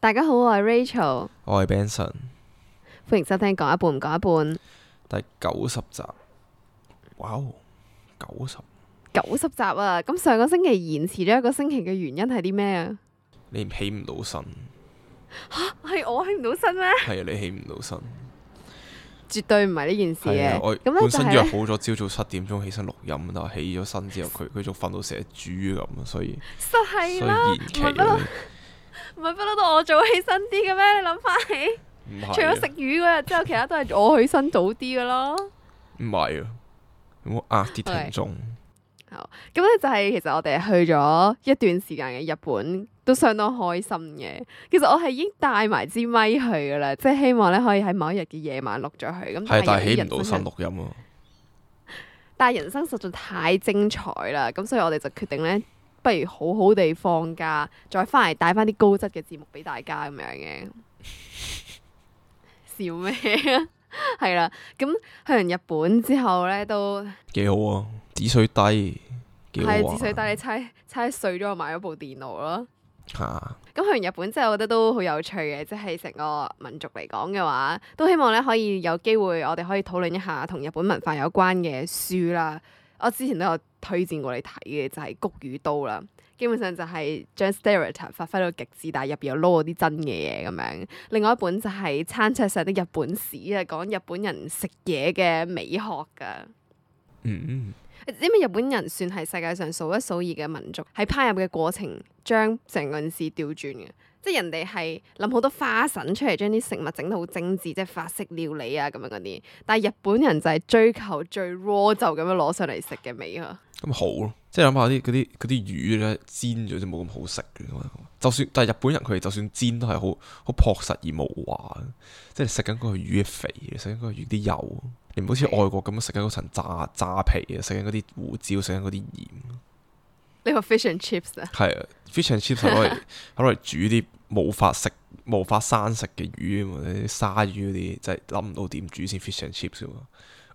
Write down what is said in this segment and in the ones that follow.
大家好，我係 Rachel，我係 Benson，歡迎收聽講一半唔講一半第九十集，哇、哦，九十九十集啊！咁上個星期延遲咗一個星期嘅原因係啲咩啊？你起唔到身吓，係我起唔到身咩？係啊，你起唔到身，絕對唔係呢件事嘅。本身約好咗朝早七點鐘起身錄音，但係起咗身之後，佢佢仲瞓到成隻豬咁，所以 實係延期。 唔係不嬲都我早起身啲嘅咩？你諗翻起，唔係啊，除咗食魚嗰日之後，其他都係我起身早啲嘅咯。唔係啊，我呃啲聽眾。Okay. 好，咁咧就係其實我哋去咗一段時間嘅日本，都相當開心嘅。其實我係已經帶埋支咪去噶啦，即係希望咧可以喺某一日嘅夜晚錄咗佢。咁係，但係起唔到身錄音。但係人生實在太精彩啦，咁所以我哋就決定咧。不如好好地放假，再翻嚟帶翻啲高質嘅節目俾大家咁樣嘅。笑咩？ 係啦，咁去完日本之後咧，都幾好啊，止水低，係啊止水低，你猜猜碎咗我買咗部電腦咯。吓、啊，咁去完日本之後我覺得都好有趣嘅，即係成個民族嚟講嘅話，都希望咧可以有機會，我哋可以討論一下同日本文化有關嘅書啦。我之前都有推薦過你睇嘅，就係、是《菊與刀》啦，基本上就係將 stereotype 發揮到極致，但係入邊又撈咗啲真嘅嘢咁樣。另外一本就係《餐桌上的日本史》啊，講日本人食嘢嘅美學噶。嗯嗯，因為日本人算係世界上數一數二嘅民族，喺烹飪嘅過程將成個歷史調轉嘅。即係人哋係諗好多花臣出嚟，將啲食物整得好精緻，即係法式料理啊咁樣嗰啲。但係日本人就係追求最 raw 就咁樣攞上嚟食嘅味嗬。咁好咯，即係諗下啲嗰啲嗰啲魚咧煎咗就冇咁好食嘅。就算但係日本人佢哋就算煎都係好好樸實而無華。即係食緊嗰個魚嘅肥，食緊嗰個魚啲油，你唔好似外國咁樣食緊嗰層炸炸皮啊，食緊嗰啲胡椒，食緊嗰啲鹽。呢個 fish and chips 啊，係啊，fish and chips 係攞嚟，攞嚟煮啲冇法食、冇法生食嘅魚啊嘛，啲鯊魚嗰啲，真係諗唔到點煮先 fish and chips 喎。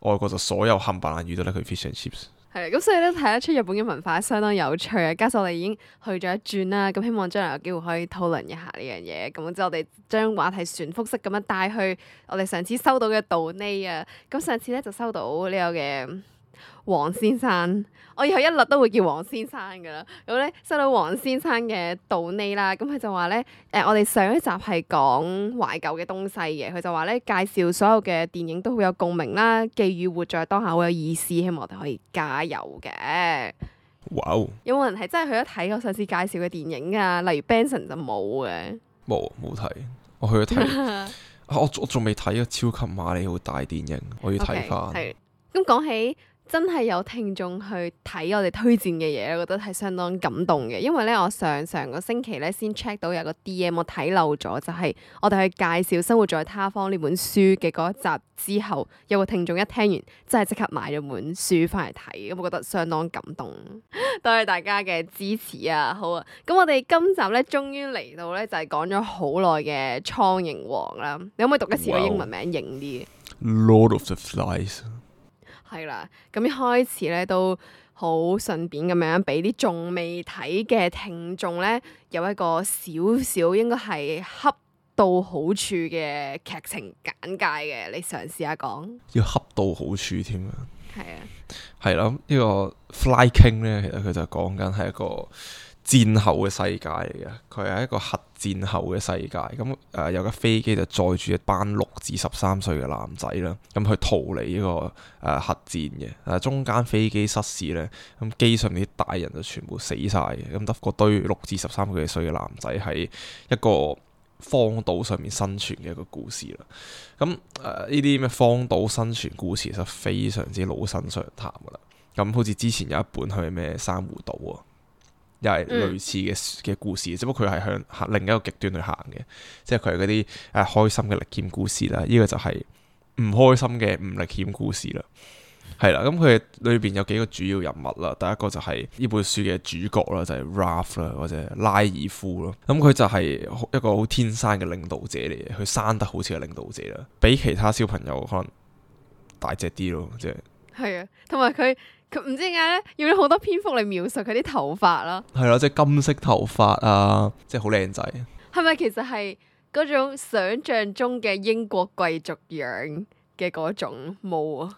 外國就所有冚唪唥魚都得佢 fish and chips。係啊，咁所以咧睇得出日本嘅文化相當有趣啊。加上我哋已經去咗一轉啦，咁希望將來有機會可以討論一下呢樣嘢。咁之後我哋將話題旋複式咁樣帶去我哋上次收到嘅道呢啊。咁上次咧就收到呢、這個嘅。黃先生，我以後一律都會叫黃先生噶啦。咁咧收到黃先生嘅 donate 啦，咁佢就話咧，誒、呃，我哋上一集係講懷舊嘅東西嘅，佢就話咧介紹所有嘅電影都好有共鳴啦，寄語活在當下好有意思，希望我哋可以加油嘅。哇 Wow. 有冇人係真係去咗睇我上次介紹嘅電影啊？例如 Benson 就冇嘅，冇冇睇，我去咗睇、 啊，我我仲未睇啊，超級馬里奧大電影我要睇翻。咁講、okay, 起。真係有聽眾去睇我哋推薦嘅嘢，我覺得係相當感動嘅。因為咧，我上上個星期咧先 check 到有個 DM，我睇漏咗，就係、是、我哋去介紹《生活在他方》呢本書嘅嗰一集之後，有個聽眾一聽完，真係即刻買咗本書翻嚟睇，咁我覺得相當感動。 多謝大家嘅支持啊！好啊，咁我哋今集咧，終於嚟到咧，就係、是、講咗好耐嘅《蒼蠅王》啦。你可唔可以讀一次個英文名，認啲、well,？Lord of the Flies。係啦，咁一開始咧都好順便咁樣，俾啲仲未睇嘅聽眾咧，有一個少少應該係恰到好處嘅劇情簡介嘅，你嘗試下講。要恰到好處添啊！係啊，係囉，呢個 Fly King 咧，其實佢就講緊係一個。戰後嘅世界嚟嘅，佢係一個核戰後嘅世界。咁、嗯、誒有架飛機就載住一班六至十三歲嘅男仔啦，咁、嗯、去逃離呢個誒、呃、核戰嘅。誒、嗯、中間飛機失事咧，咁、嗯、機上面啲大人就全部死晒，咁、嗯、得個堆六至十三歲嘅男仔喺一個荒島上面生存嘅一個故事啦。咁誒呢啲咩荒島生存故事，其實非常之老生常談噶啦。咁、嗯、好似之前有一本係咩珊瑚島啊。又係類似嘅嘅故事，嗯、只不過佢係向另一個極端去行嘅，即係佢係嗰啲誒開心嘅歷險故事啦。呢、呢個就係唔開心嘅唔歷險故事啦。係啦，咁、嗯、佢裏邊有幾個主要人物啦。第一個就係呢本書嘅主角啦，就係、係、Ralph 啦，或者拉爾夫咯。咁、嗯、佢、嗯嗯、就係一個好天生嘅領導者嚟嘅，佢生得好似個領導者啦，比其他小朋友可能大隻啲咯，即、就、係、係。係啊，同埋佢。佢唔知點解咧，用咗好多篇幅嚟描述佢啲頭髮咯。係咯，即係金色頭髮啊，即係好靚仔。係咪其實係嗰種想像中嘅英國貴族樣嘅嗰種毛啊？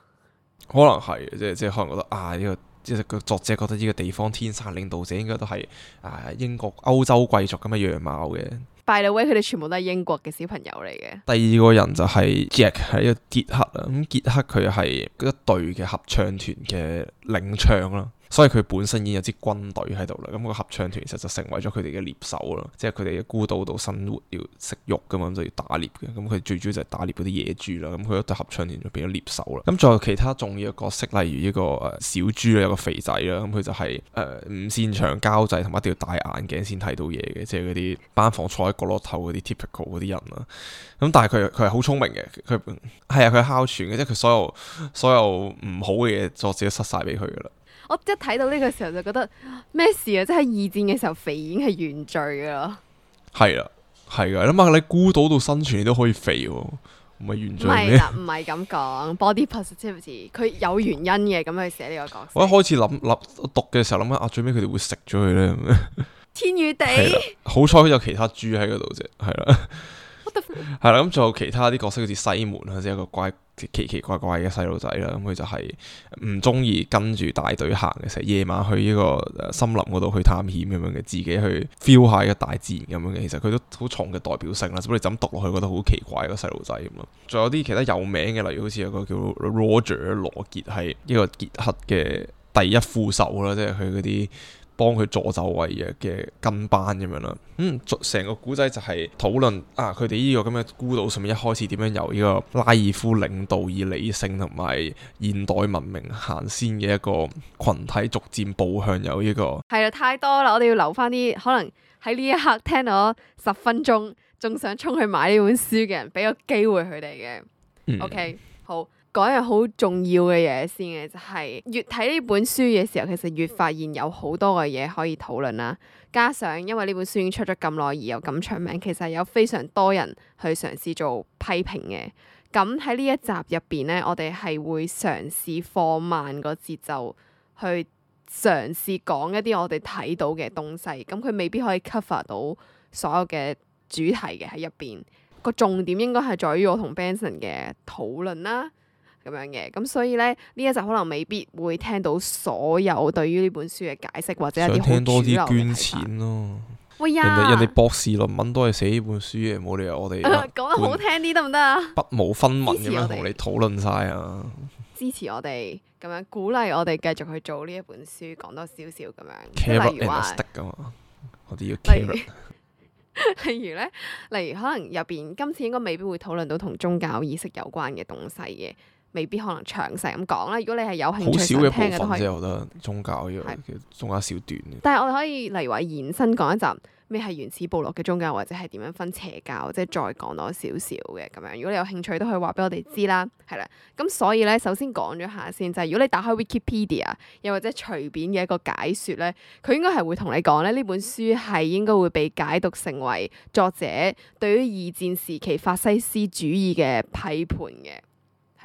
可能係，即係即係可能覺得啊，呢個即係個作者覺得呢個地方天生領導者應該都係啊英國歐洲貴族咁嘅樣貌嘅。By the way, 佢哋全部都係英國嘅小朋友嚟嘅。第二個人就係 Jack 係一個傑克啦，傑克佢係一隊嘅合唱團嘅領唱。所以佢本身已經有支軍隊喺度啦，咁、個合唱團其實就成為咗佢哋嘅獵手啦，即係佢哋嘅孤島度生活要食肉噶嘛，咁就要打獵嘅，咁佢最主要就係打獵嗰啲野豬啦，咁佢一隊合唱團就變咗獵手啦。咁仲有其他重要角色，例如呢個誒小豬啦，有個肥仔啦，咁佢就係誒唔擅長交際，同埋一定要戴眼鏡先睇到嘢嘅，即係嗰啲班房坐喺角落頭嗰啲 typical 嗰啲人啦。咁但係佢佢係好聰明嘅，佢係啊佢哮喘嘅，即係佢所有所有唔好嘅嘢，作者都塞晒俾佢噶啦。我一睇到呢個時候就覺得咩事啊！即係二戰嘅時候，肥已經係原罪噶咯。係啦，係噶，諗下，你孤島度生存你都可以肥，唔係原罪咩？係啦，唔係咁講，body positivity，佢有原因嘅，咁去寫呢個角色。我一開始諗諗，我讀嘅時候諗下啊，最尾佢哋會食咗佢咧。 天與地。係啦，好彩佢有其他豬喺嗰度啫，係啦。 係啦，咁仲、嗯、有其他啲角色，好似西門啊，即係一個怪奇奇怪怪嘅細路仔啦。咁、嗯、佢就係唔中意跟住大隊行嘅，成日夜晚去呢個森林嗰度去探險咁樣嘅，自己去 feel 下嘅大自然咁樣嘅。其實佢都好重嘅代表性啦。只不過你咁讀落去，覺得好奇怪個細路仔咁咯。仲、嗯、有啲其他有名嘅，例如好似有個叫 Roger 羅傑，係呢個傑克嘅第一副手啦，即係佢嗰啲。幫佢助紂為虐嘅嘅跟班咁樣啦，咁、嗯、成個古仔就係討論啊，佢哋呢個咁嘅孤島上面一開始點樣由呢個拉爾夫領導以理性同埋現代文明行先嘅一個群體，逐漸步向有呢、這個係啊太多啦，我哋要留翻啲可能喺呢一刻聽到十分鐘仲想衝去買呢本書嘅人，俾個機會佢哋嘅。嗯、OK 好。講一樣好重要嘅嘢先嘅，就係越睇呢本書嘅時候，其實越發現有好多嘅嘢可以討論啦。加上因為呢本書已經出咗咁耐而又咁出名，其實有非常多人去嘗試做批評嘅。咁喺呢一集入邊咧，我哋係會嘗試放慢個節奏，去嘗試講一啲我哋睇到嘅東西。咁佢未必可以 cover 到所有嘅主題嘅喺入邊。那個重點應該係在於我同 Benson 嘅討論啦。咁樣嘅，咁所以咧，呢一集可能未必會聽到所有對於呢本書嘅解釋或者一啲好主流嘅。想聽多啲捐錢咯，喂啊！喂呀人哋博士論文都係寫呢本書嘅，冇理由我哋講得好聽啲得唔得啊？不毛分文咁樣同你討論晒啊！支持我哋咁樣鼓勵我哋繼續去做呢一本書，講多少少咁樣。例如話，我哋要例如咧，例如可能入邊今次應該未必會討論到同宗教意識有關嘅東西嘅。未必可能詳細咁講啦。如果你係有興趣聽嘅，都可以。好少一部分啫，我覺得宗教呢個，其實的宗教少段嘅。但係我哋可以例如話延伸講一陣咩係原始部落嘅宗教，或者係點樣分邪教，即係再講多少少嘅咁樣。如果你有興趣，都可以話俾我哋知啦。係啦，咁所以咧，首先講咗下先，就係、是、如果你打開 Wikipedia，又或者隨便嘅一個解説咧，佢應該係會同你講咧，呢本書係應該會被解讀成為作者對於二戰時期法西斯主義嘅批判嘅。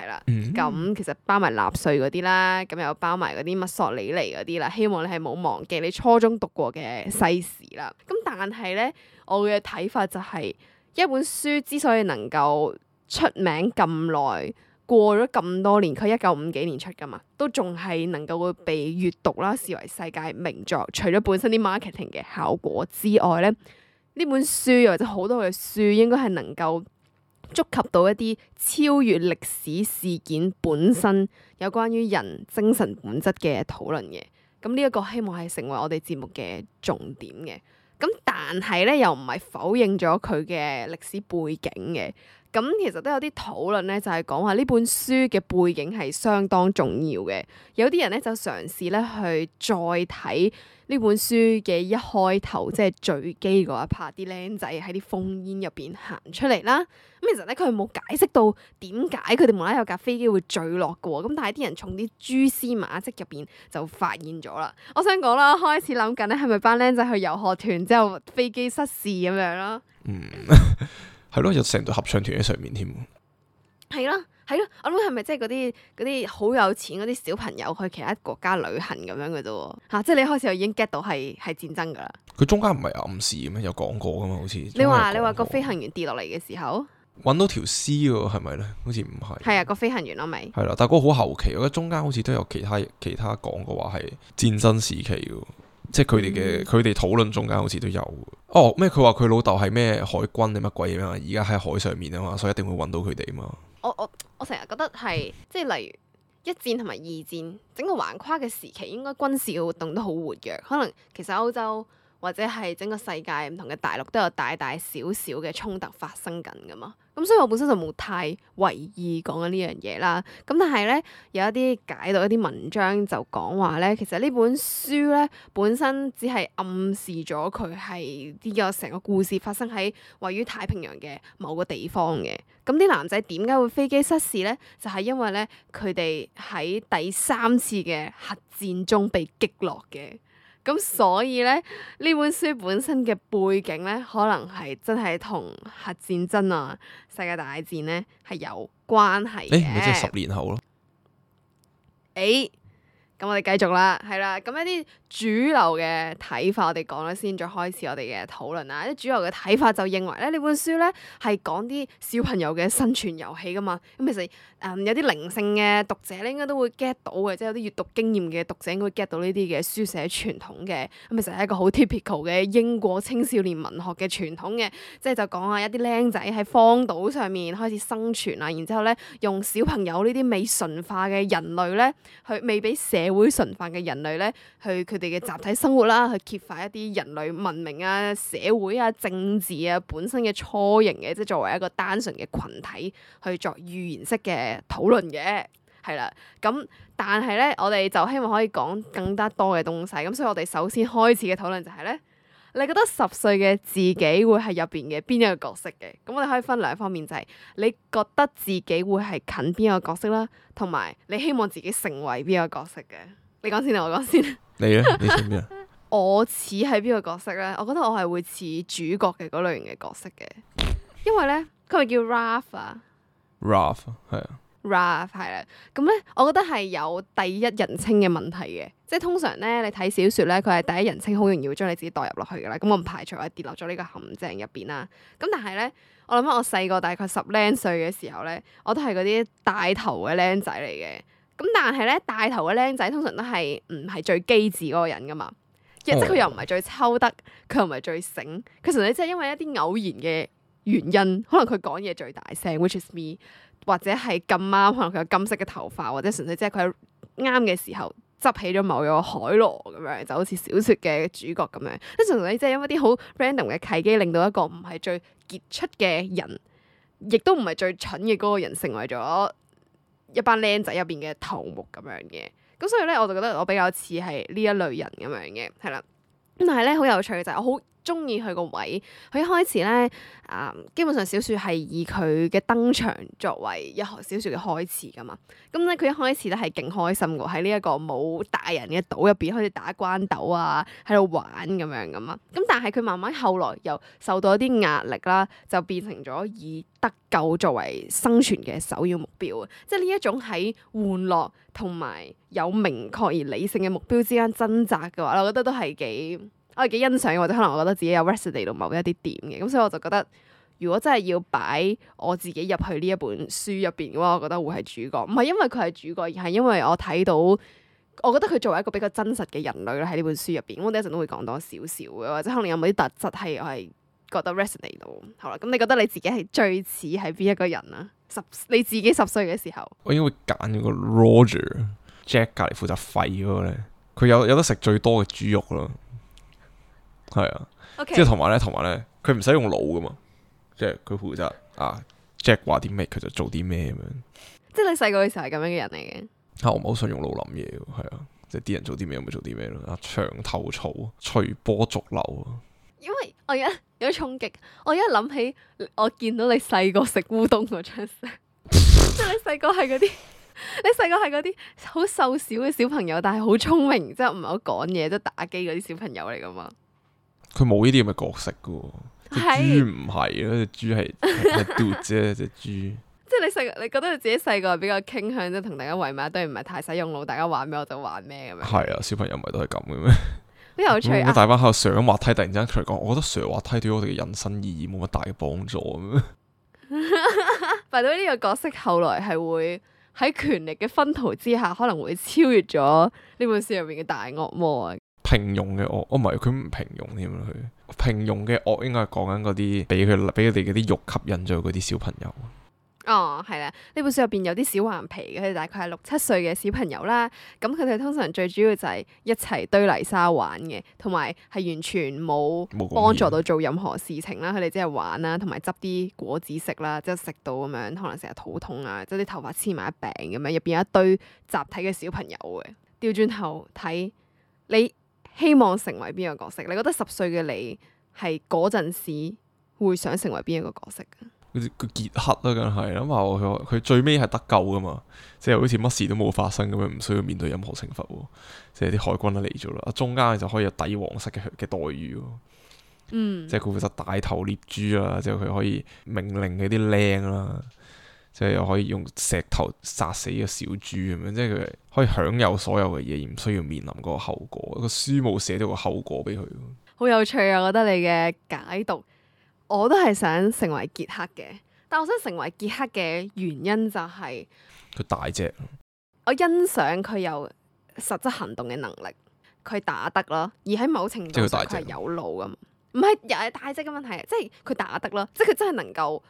係啦，咁、嗯、其實包埋納粹嗰啲啦，咁又包埋嗰啲墨索里尼嗰啲啦，希望你係冇忘記你初中讀過嘅西史啦。咁但係咧，我嘅睇法就係、是、一本書之所以能夠出名咁耐，過咗咁多年，佢一九五幾年出噶嘛，都仲係能夠會被閱讀啦，視為世界名作，除咗本身啲 marketing 嘅效果之外咧，呢本書又或者好多嘅書應該係能夠。觸及到一啲超越歷史事件本身，有關於人精神本質嘅討論嘅，咁呢一個希望係成為我哋節目嘅重點嘅。咁但係咧又唔係否認咗佢嘅歷史背景嘅。咁其實都有啲討論咧，就係講話呢本書嘅背景係相當重要嘅。有啲人咧就嘗試咧去再睇呢本書嘅一開頭，即係墜機嗰一 part，啲僆仔喺啲烽煙入邊行出嚟啦。咁其實咧，佢冇解釋到點解佢哋無啦啦有架飛機會墜落嘅。咁但係啲人從啲蛛絲馬跡入邊就發現咗啦。我想講啦，開始諗緊咧，係咪班僆仔去遊學團之後飛機失事咁樣咯？嗯。 係咯，有成隊合唱團喺上面添。係啦，係啦，我諗係咪即係嗰啲嗰啲好有錢嗰啲小朋友去其他國家旅行咁樣嘅啫？吓，啊，即係你開始就已經 get 到係係戰爭噶啦。佢中間唔係暗示嘅咩？有講過噶嘛？好似你話你話個飛行員跌落嚟嘅時候，揾到條屍嘅係咪咧？好似唔係。係啊，個飛行員咯咪。係啦，但係嗰個好後期，我覺得中間好似都有其他其他講嘅話係戰爭時期。即係佢哋嘅，佢哋討論中間好似都有。哦，咩佢話佢老豆係咩海軍定乜鬼嘢啊？而家喺海上面啊嘛，所以一定會搵到佢哋啊嘛。我我我成日覺得係，即係例如一戰同埋二戰整個橫跨嘅時期，應該軍事嘅活動都好活躍。可能其實歐洲或者係整個世界唔同嘅大陸都有大大小小嘅衝突發生緊噶嘛。咁、嗯、所以我本身就冇太為意講緊呢樣嘢啦。咁但係咧有一啲解讀一啲文章就講話咧，其實呢本書咧本身只係暗示咗佢係呢個成個故事發生喺位於太平洋嘅某個地方嘅。咁、嗯、啲男仔點解會飛機失事咧？就係、是、因為咧佢哋喺第三次嘅核戰中被擊落嘅。咁所以咧，呢本書本身嘅背景咧，可能係真係同核戰爭啊、世界大戰咧，係有關係嘅。誒、欸，咪即係十年後咯。誒、欸，咁我哋繼續啦，係啦。咁一啲主流嘅睇法，我哋講咗先，再開始我哋嘅討論啦。一啲主流嘅睇法就認為咧，呢本書咧係講啲小朋友嘅生存遊戲噶嘛。咁其實，誒、嗯、有啲靈性嘅讀者咧，應該都會 get 到嘅，即係有啲閲讀經驗嘅讀者應該 get 到呢啲嘅書寫傳統嘅，咁其實就係一個好 typical 嘅英國青少年文學嘅傳統嘅，即係就講啊一啲僆仔喺荒島上面開始生存啊，然之後咧用小朋友呢啲未馴化嘅人類咧，去未俾社會馴化嘅人類咧，去佢哋嘅集體生活啦，去揭發一啲人類文明啊、社會啊、政治啊本身嘅雛形嘅，即係作為一個單純嘅群體去作寓言式嘅。討論嘅係啦，咁但係咧，我哋就希望可以講更加多嘅東西。咁所以我哋首先開始嘅討論就係、是、咧，你覺得十歲嘅自己會係入邊嘅邊一個角色嘅？咁我哋可以分兩方面，就係、是、你覺得自己會係近邊一個角色啦，同埋你希望自己成為邊個角色嘅？你講先、啊，我講先、啊你。你咧？你似咩？我似喺邊個角色咧？我覺得我係會似主角嘅嗰類型嘅角色嘅，因為咧佢係叫 Rafa、啊。Ralph 係啊 Ralph 係啦，咁咧、嗯，我覺得係有第一人稱嘅問題嘅，即係通常咧，你睇小説咧，佢係第一人稱，好容易會將你自己代入落去噶啦，咁我唔排除我跌落咗呢個陷阱入邊啦。咁、嗯、但係咧，我諗翻我細個大概十零歲嘅時候咧，我都係嗰啲帶頭嘅靚仔嚟嘅。咁但係咧，帶頭嘅靚仔通常都係唔係最機智嗰個人噶嘛，即係佢又唔係最抽得，佢、oh。又唔係最醒，佢其實你即係因為一啲偶然嘅。原因可能佢講嘢最大聲，which is me，或者係咁啱，可能佢有金色嘅頭髮，或者純粹即係佢喺啱嘅時候執起咗某一個海螺咁樣，就好似小說嘅主角咁樣，即係純粹即係因為啲好 random 嘅契機，令到一個唔係最傑出嘅人，亦都唔係最蠢嘅嗰個人，成為咗一班靚仔入邊嘅頭目咁樣嘅。咁所以咧，我就覺得我比較似係呢一類人咁樣嘅，係啦。咁但係咧，好有趣嘅就係我好。鍾意佢個位，佢一開始咧，啊、嗯，基本上小説係以佢嘅登場作為一項小説嘅開始噶嘛。咁、嗯、咧，佢一開始咧係勁開心嘅喎，喺呢一個冇大人嘅島入邊開始打關鬥啊，喺度玩咁樣噶嘛。咁、嗯、但係佢慢慢後來又受到一啲壓力啦，就變成咗以得救作為生存嘅首要目標啊。即係呢一種喺玩樂同埋有明確而理性嘅目標之間掙扎嘅話，我覺得都係幾。我幾欣賞或者可能我覺得自己有 resonate 到某一啲點嘅，咁、嗯、所以我就覺得，如果真係要擺我自己入去呢一本書入邊嘅話，我覺得會係主角。唔係因為佢係主角，而係因為我睇到，我覺得佢作為一個比較真實嘅人類咧，喺呢本書入邊。我哋一陣都會講多少少嘅，或者可能有冇啲特質係我係覺得 resonate 到。好啦，咁、嗯、你覺得你自己係最似係邊一個人啦、啊？十你自己十歲嘅時候，我應該會揀個 Roger Jack 隔籬負責廢嗰個咧。佢有有得食最多嘅豬肉咯。係啊，即係同埋咧，同埋咧，佢唔使用腦噶嘛，即係佢負責啊。Jack 話啲咩，佢就做啲咩咁樣。即係你細個嘅時候係咁樣嘅人嚟嘅。吓，我唔好想用腦諗嘢，係啊，即係啲人做啲咩咪做啲咩咯。牆頭草，隨波逐流。因為我而家有衝擊，我而家諗起我見到你細個食烏冬嗰張相，即係你細個係嗰啲，你細個係嗰啲好瘦小嘅小朋友，但係好聰明，即係唔係好講嘢，即係打機嗰啲小朋友嚟噶嘛。佢冇呢啲咁嘅角色嘅，隻豬唔係啊，隻豬係係 d 啫，隻豬。 豬豬即係你細，你覺得你自己細個比較傾向即係同大家圍埋一堆，唔係太使用腦，大家玩咩我就玩咩咁樣。係啊，小朋友唔係都係咁嘅咩？好有趣啊！ 大班喺度上滑梯，突然之間佢嚟講，我覺得上滑梯對我哋嘅人生意義冇乜大嘅幫助。 但係到呢個角色後來係會喺權力嘅分途之下，可能會超越咗呢本小說入面嘅大惡魔啊！平庸嘅惡，哦唔係佢唔平庸添，佢平庸嘅惡，應該係講緊嗰啲俾佢俾佢哋嗰啲肉吸引咗嗰啲小朋友。哦，係啦，呢本書入邊有啲小頑皮嘅，佢哋大概係六七歲嘅小朋友啦。咁佢哋通常最主要就係一齊堆泥沙玩嘅，同埋係完全冇幫助到做任何事情啦。佢哋只係玩啦，同埋執啲果子食啦，即係食到咁樣，可能成日肚痛啊，即係啲頭髮黐埋一餅咁樣，入邊有一堆集體嘅小朋友嘅。調轉頭睇你，希望成為邊個角色？你覺得十歲嘅你係嗰陣時會想成為邊一個角色嘅？好似個傑克啦，梗係諗下佢，佢最尾係得救㗎嘛，即係好似乜事都冇發生咁樣，唔需要面對任何懲罰，即係啲海軍都嚟咗啦，中間就可以有底黃色嘅嘅待遇，嗯，即係佢負責大頭獵豬啦，即係佢可以命令嗰啲靚啦。即係又可以用石頭殺死個小豬咁樣，即係佢可以享有所有嘅嘢，而唔需要面臨嗰個後果。個書冇寫到個後果俾佢。好有趣啊！我覺得你嘅解讀，我都係想成為傑克嘅，但係我想成為傑克嘅原因就係、是、佢大隻。我欣賞佢有實質行動嘅能力，佢打得咯，而喺某程度上佢係有腦噶，唔係又係大隻嘅問題，即係佢打得咯，即係佢真係能夠。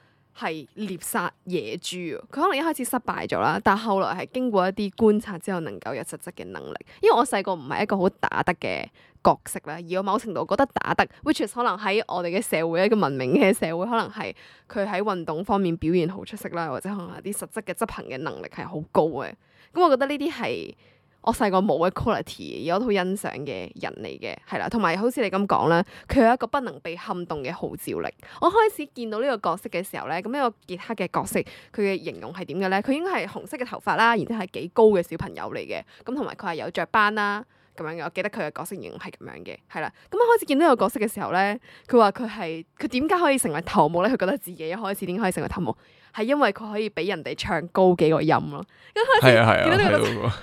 係獵殺野豬，佢可能一開始失敗咗啦，但係後來係經過一啲觀察之後，能夠有實質嘅能力。因為我細個唔係一個好打得嘅角色啦，而我某程度覺得打得，which is 可能喺我哋嘅社會一個文明嘅社會，可能係佢喺運動方面表現好出色啦，或者可能啲實質嘅執行嘅能力係好高嘅。咁我覺得呢啲係。我細個冇一個 quality，有好欣賞嘅人嚟嘅，係啦，同埋好似你咁講啦，佢有一個不能被撼動嘅號召力。我開始見到呢個角色嘅時候咧，咁呢個傑克嘅角色，佢嘅形容係點嘅咧？佢應該係紅色嘅頭髮啦，然之後係幾高嘅小朋友嚟嘅，咁同埋佢係有雀斑啦。咁樣嘅，我記得佢嘅角色形容係咁樣嘅，係啦。咁開始見到個角色嘅時候咧，佢話佢係佢點解可以成為頭目咧？佢覺得自己一開始點可以成為頭目，係因為佢可以俾人哋唱高幾個音咯。一開始見到呢個角色，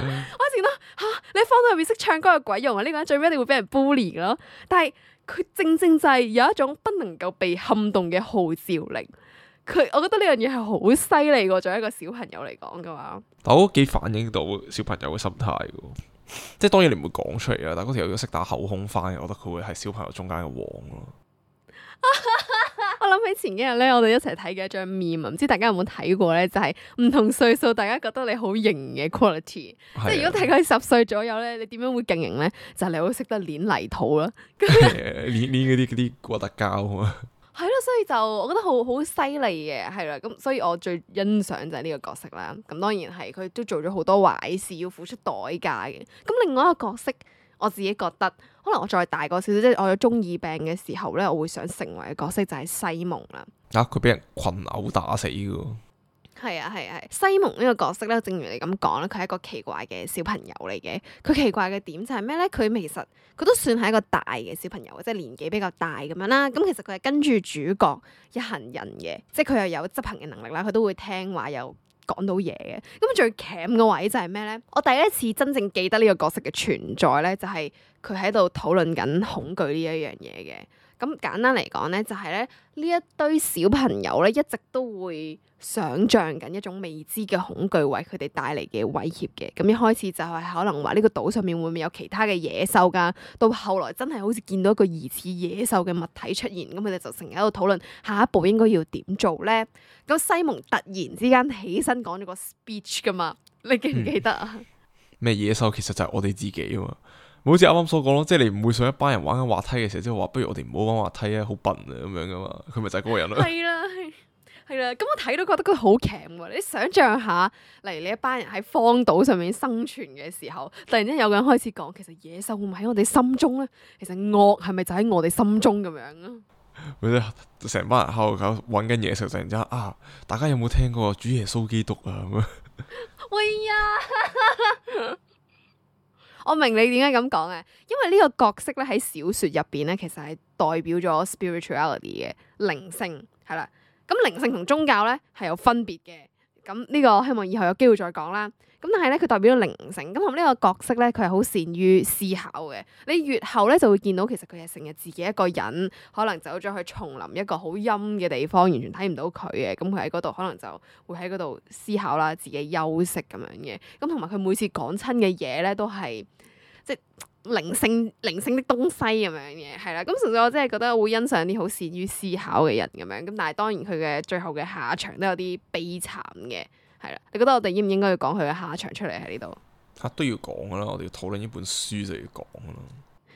開始啦吓、啊，你放到入面識唱歌有鬼用啊？呢、這個人最尾一定會俾人 bully 噶啦。但係佢正正就係有一種不能夠被撼動嘅號召力。佢，我覺得呢樣嘢係好犀利喎，作為一個小朋友嚟講嘅話，但我都得幾反映到小朋友嘅心態嘅，即係當然你唔會講出嚟啊。但係嗰條友如果識打口空翻，我覺得佢會係小朋友中間嘅王咯 我諗起前幾日咧，我哋一齊睇嘅一張面唔知大家有冇睇過咧？就係、是、唔同歲數，大家覺得你好型嘅 quality。是啊、即係如果睇佢十歲左右咧，你點樣會勁型咧？就係你會識得捏泥土啦 捏捏嗰啲嗰啲過特膠啊。係咯，所以就我覺得好好犀利嘅，係啦，咁所以我最欣賞就係呢個角色啦。咁當然係佢都做咗好多壞事，要付出代價嘅。咁另外一個角色，我自己覺得可能我再大個少少，即係我有中二病嘅時候咧，我會想成為嘅角色就係西蒙啦。啊！佢俾人群毆打死㗎。係啊，係啊，係啊。西蒙呢個角色咧，正如你咁講咧，佢係一個奇怪嘅小朋友嚟嘅。佢奇怪嘅點就係咩咧？佢其實佢都算係一個大嘅小朋友，即係年紀比較大咁樣啦。咁其實佢係跟住主角一行人嘅，即係佢又有執行嘅能力啦，佢都會聽話，又講到嘢嘅。咁最鉗嘅位就係咩咧？我第一次真正記得呢個角色嘅存在咧，就係佢喺度討論緊恐懼呢一樣嘢嘅。咁簡單嚟講咧，就係咧呢一堆小朋友咧，一直都會想像緊一種未知嘅恐懼，為佢哋帶嚟嘅威脅嘅。咁一開始就係可能話呢個島上面會唔會有其他嘅野獸㗎？到後來真係好似見到一個疑似野獸嘅物體出現，咁佢哋就成日喺度討論下一步應該要點做咧。咁西蒙突然之間起身講咗個 speech 㗎嘛，你記唔記得啊？咩、嗯、野獸其實就係我哋自己喎。好似啱啱所講咯，即係你唔會想一班人玩緊滑梯嘅時候，即係話不如我哋唔好玩滑梯啊，好笨啊咁樣噶嘛，佢咪就係嗰個人咯、 啊。係啦、啊，係係啦，咁我睇都覺得佢好鉗喎。你想象下，例如你一班人喺荒島上面生存嘅時候，突然之間有個人開始講，其實野獸會唔會喺我哋心中咧？其實惡係咪就喺我哋心中咁樣啊？成班 人喺度搞揾緊嘢食，突然之間啊，大家有冇聽過主耶穌基督啊？喂呀。 我明你點解咁講嘅，因為呢個角色咧，喺小說入邊咧，其實係代表咗 spirituality 嘅靈性，係啦。咁靈性同宗教咧係有分別嘅。咁呢個希望以後有機會再講啦。咁但係咧，佢代表咗靈性。咁同呢個角色咧，佢係好善於思考嘅。你越後咧就會見到，其實佢係成日自己一個人，可能走咗去叢林一個好陰嘅地方，完全睇唔到佢嘅。咁佢喺嗰度可能就會喺嗰度思考啦，自己休息咁樣嘅。咁同埋佢每次講親嘅嘢咧，都係即係。靈性、靈性的東西咁樣嘅，係啦。咁純粹我真係覺得會欣賞啲好善於思考嘅人咁樣，咁但係當然佢嘅最後嘅下場都有啲悲慘嘅，係啦。你覺得我哋應唔應該要講佢嘅下場出嚟喺呢度？吓、啊、都要講噶啦，我哋要討論呢本書就要講噶啦。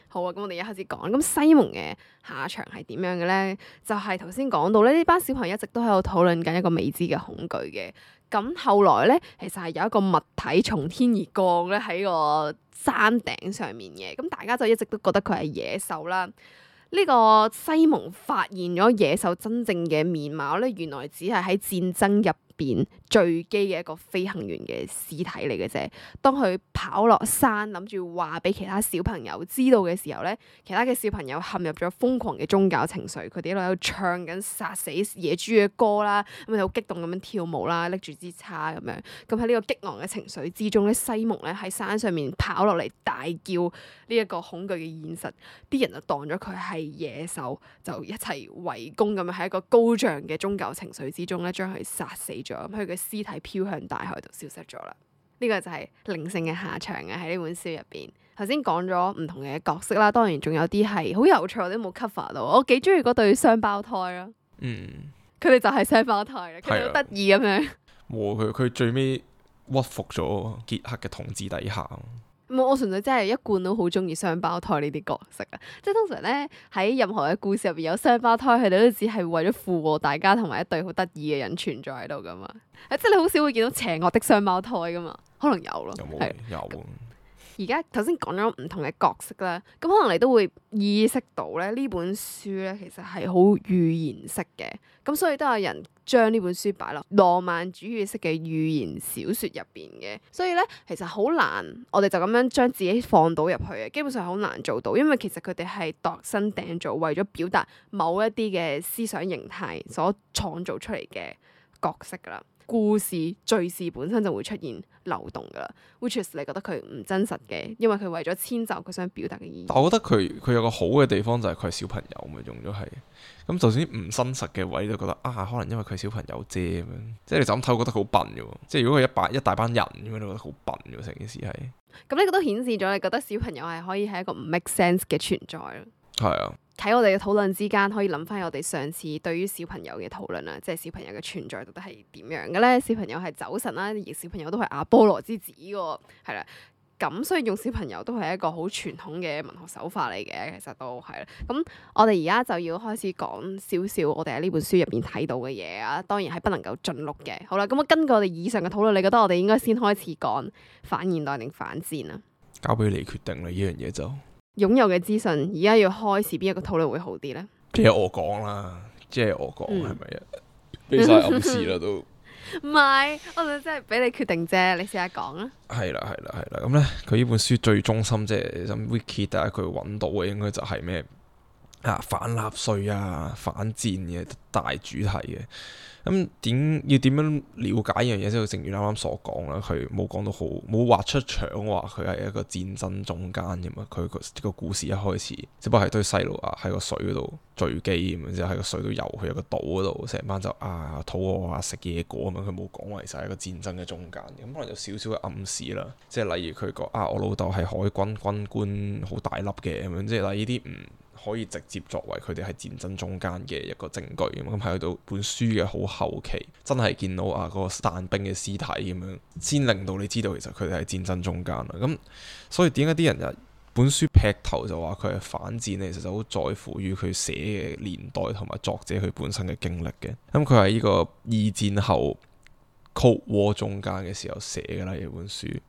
好啊，咁我哋一開始講，咁西蒙嘅下場係點樣嘅咧？就係頭先講到咧，呢班小朋友一直都喺度討論緊一個未知嘅恐懼嘅。咁後來咧，其實係有一個物體從天而降咧，喺個山頂上面嘅。咁大家就一直都覺得佢係野獸啦。呢個西蒙發現咗野獸真正嘅面貌咧，原來只係喺戰爭入。變墜機嘅一個飛行員嘅屍體嚟嘅啫。當佢跑落山，諗住話俾其他小朋友知道嘅時候咧，其他嘅小朋友陷入咗瘋狂嘅宗教情緒，佢哋一路喺度唱緊殺死野豬嘅歌啦，咁就好激動咁樣跳舞啦，拎住支叉咁樣。咁喺呢個激昂嘅情緒之中咧，西蒙咧喺山上面跑落嚟，大叫呢一個恐懼嘅現實，啲人就當咗佢係野獸，就一齊圍攻咁樣，喺一個高漲嘅宗教情緒之中咧，將佢殺死。咁佢嘅屍體飄向大海就消失咗啦，呢、呢個就係靈性嘅下場啊。喺呢本書入邊，頭先講咗唔同嘅角色啦，當然仲有啲係好有趣，我都冇 cover 到，我幾中意嗰對雙胞胎啦，嗯，佢哋就係雙胞胎，佢好得意咁樣，冇、啊，佢佢最尾屈服咗傑克嘅統治底下。冇，我純粹真係一貫都好中意雙胞胎呢啲角色啊！即係通常咧喺任何嘅故事入面有雙胞胎，佢哋都只係為咗附和大家同埋一對好得意嘅人存在喺度噶嘛。即係你好少會見到邪惡的雙胞胎噶嘛？可能有咯，有，有。而家頭先講咗唔同嘅角色啦，咁可能你都會意識到咧呢本書咧其實係好寓言式嘅，咁所以都有人，將呢本書擺落浪漫主義式嘅寓言小説入邊嘅，所以咧其實好難，我哋就咁樣將自己放到入去啊，基本上好難做到，因為其實佢哋係度身訂造，為咗表達某一啲嘅思想形態所創造出嚟嘅角色㗎啦。故事敘事本身就會出現流動噶啦，which is 你覺得佢唔真實嘅，因為佢為咗遷就佢想表達嘅意義。但我覺得佢佢有個好嘅地方就係佢係小朋友咪用咗係，咁就算唔真實嘅位都覺得啊，可能因為佢係小朋友啫咁樣，即係你就咁睇我覺得好笨嘅喎，即係如果佢一大班人咁樣都覺得好笨嘅喎，成件事係。咁呢個都顯示咗你覺得小朋友係可以係一個唔 make sense 嘅存在咯。係啊。喺我哋嘅討論之間，可以諗翻我哋上次對於小朋友嘅討論啦，即係小朋友嘅存在，到底係點樣嘅咧？小朋友係酒神啦，而小朋友都係阿波羅之子喎，係啦。咁所以用小朋友都係一個好傳統嘅文學手法嚟嘅，其實都係。咁我哋而家就要開始講少少我哋喺呢本書入面睇到嘅嘢啊，當然係不能夠盡錄嘅。好啦，咁我根據我哋以上嘅討論，你覺得我哋應該先開始講反現代定反戰啊？交俾你決定啦，呢樣嘢就。擁有嘅資訊，而家要開始邊一個討論會好啲呢？即係我講啦，即係我講，係咪啊？俾晒暗示啦都唔係，我就真係俾你決定啫。你試下講啦。係啦，係啦，係啦。咁呢，佢呢本書最中心即係咁，Wiki，但係佢搵到嘅應該就係咩啊？反納粹啊，反戰嘅大主題嘅。咁點要點樣了解依樣嘢先？正如啱啱所講啦，佢冇講到好，冇畫出場話佢係一個戰爭中間咁啊！佢個故事一開始只不過係對細路啊喺個水嗰度墜機咁啊，之後喺個水度游去個島嗰度，成班就啊肚餓啊食嘢果啊嘛！佢冇講話其實係一個戰爭嘅中間，咁可能有少少嘅暗示啦。即係例如佢講啊，我老豆係海軍軍官，好大粒嘅咁樣。即係嗱，依啲唔。可以直接作為佢哋係戰爭中間嘅一個證據咁，咁喺度本書嘅好後期，真係見到啊個散兵嘅屍體咁樣，先令到你知道其實佢哋係戰爭中間啦。咁所以點解啲人啊本書劈頭就話佢係反戰呢？其實就好在乎於佢寫嘅年代同埋作者佢本身嘅經歷嘅。咁佢係呢個二戰後 Cold War 中間嘅時候寫噶啦，呢本書。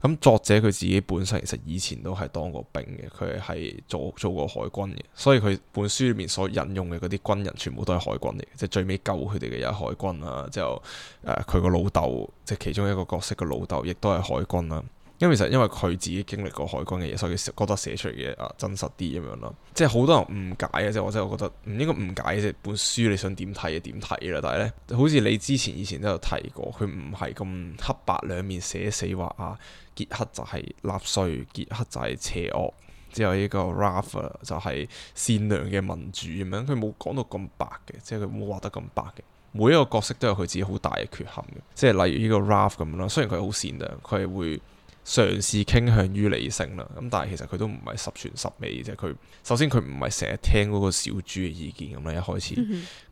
咁作者佢自己本身其實以前都係當過兵嘅，佢係做做過海軍嘅，所以佢本書裏面所引用嘅嗰啲軍人全部都係海軍嚟嘅，即係最尾救佢哋嘅有海軍啦，之後誒佢個老豆，即係其中一個角色嘅老豆亦都係海軍啦。因為其實因為佢自己經歷過海軍嘅嘢，所以覺得寫出嚟嘅啊真實啲咁樣咯。即係好多人誤解嘅，即係我真係覺得唔應該誤解。即本書你想點睇就點睇啦。但係咧，好似你之前以前都有提過，佢唔係咁黑白兩面寫死，話啊傑克就係納粹，傑克就係邪惡。之後呢個 Ralph 就係善良嘅民主咁樣，佢冇講到咁白嘅，即係佢冇畫得咁白嘅。每一個角色都有佢自己好大嘅缺陷嘅。即係例如呢個 Ralph 咁樣咯，雖然佢好善良，佢係會。嘗試傾向於理性啦，咁但係其實佢都唔係十全十美嘅啫。佢首先佢唔係成日聽嗰個小豬嘅意見咁啦，一開始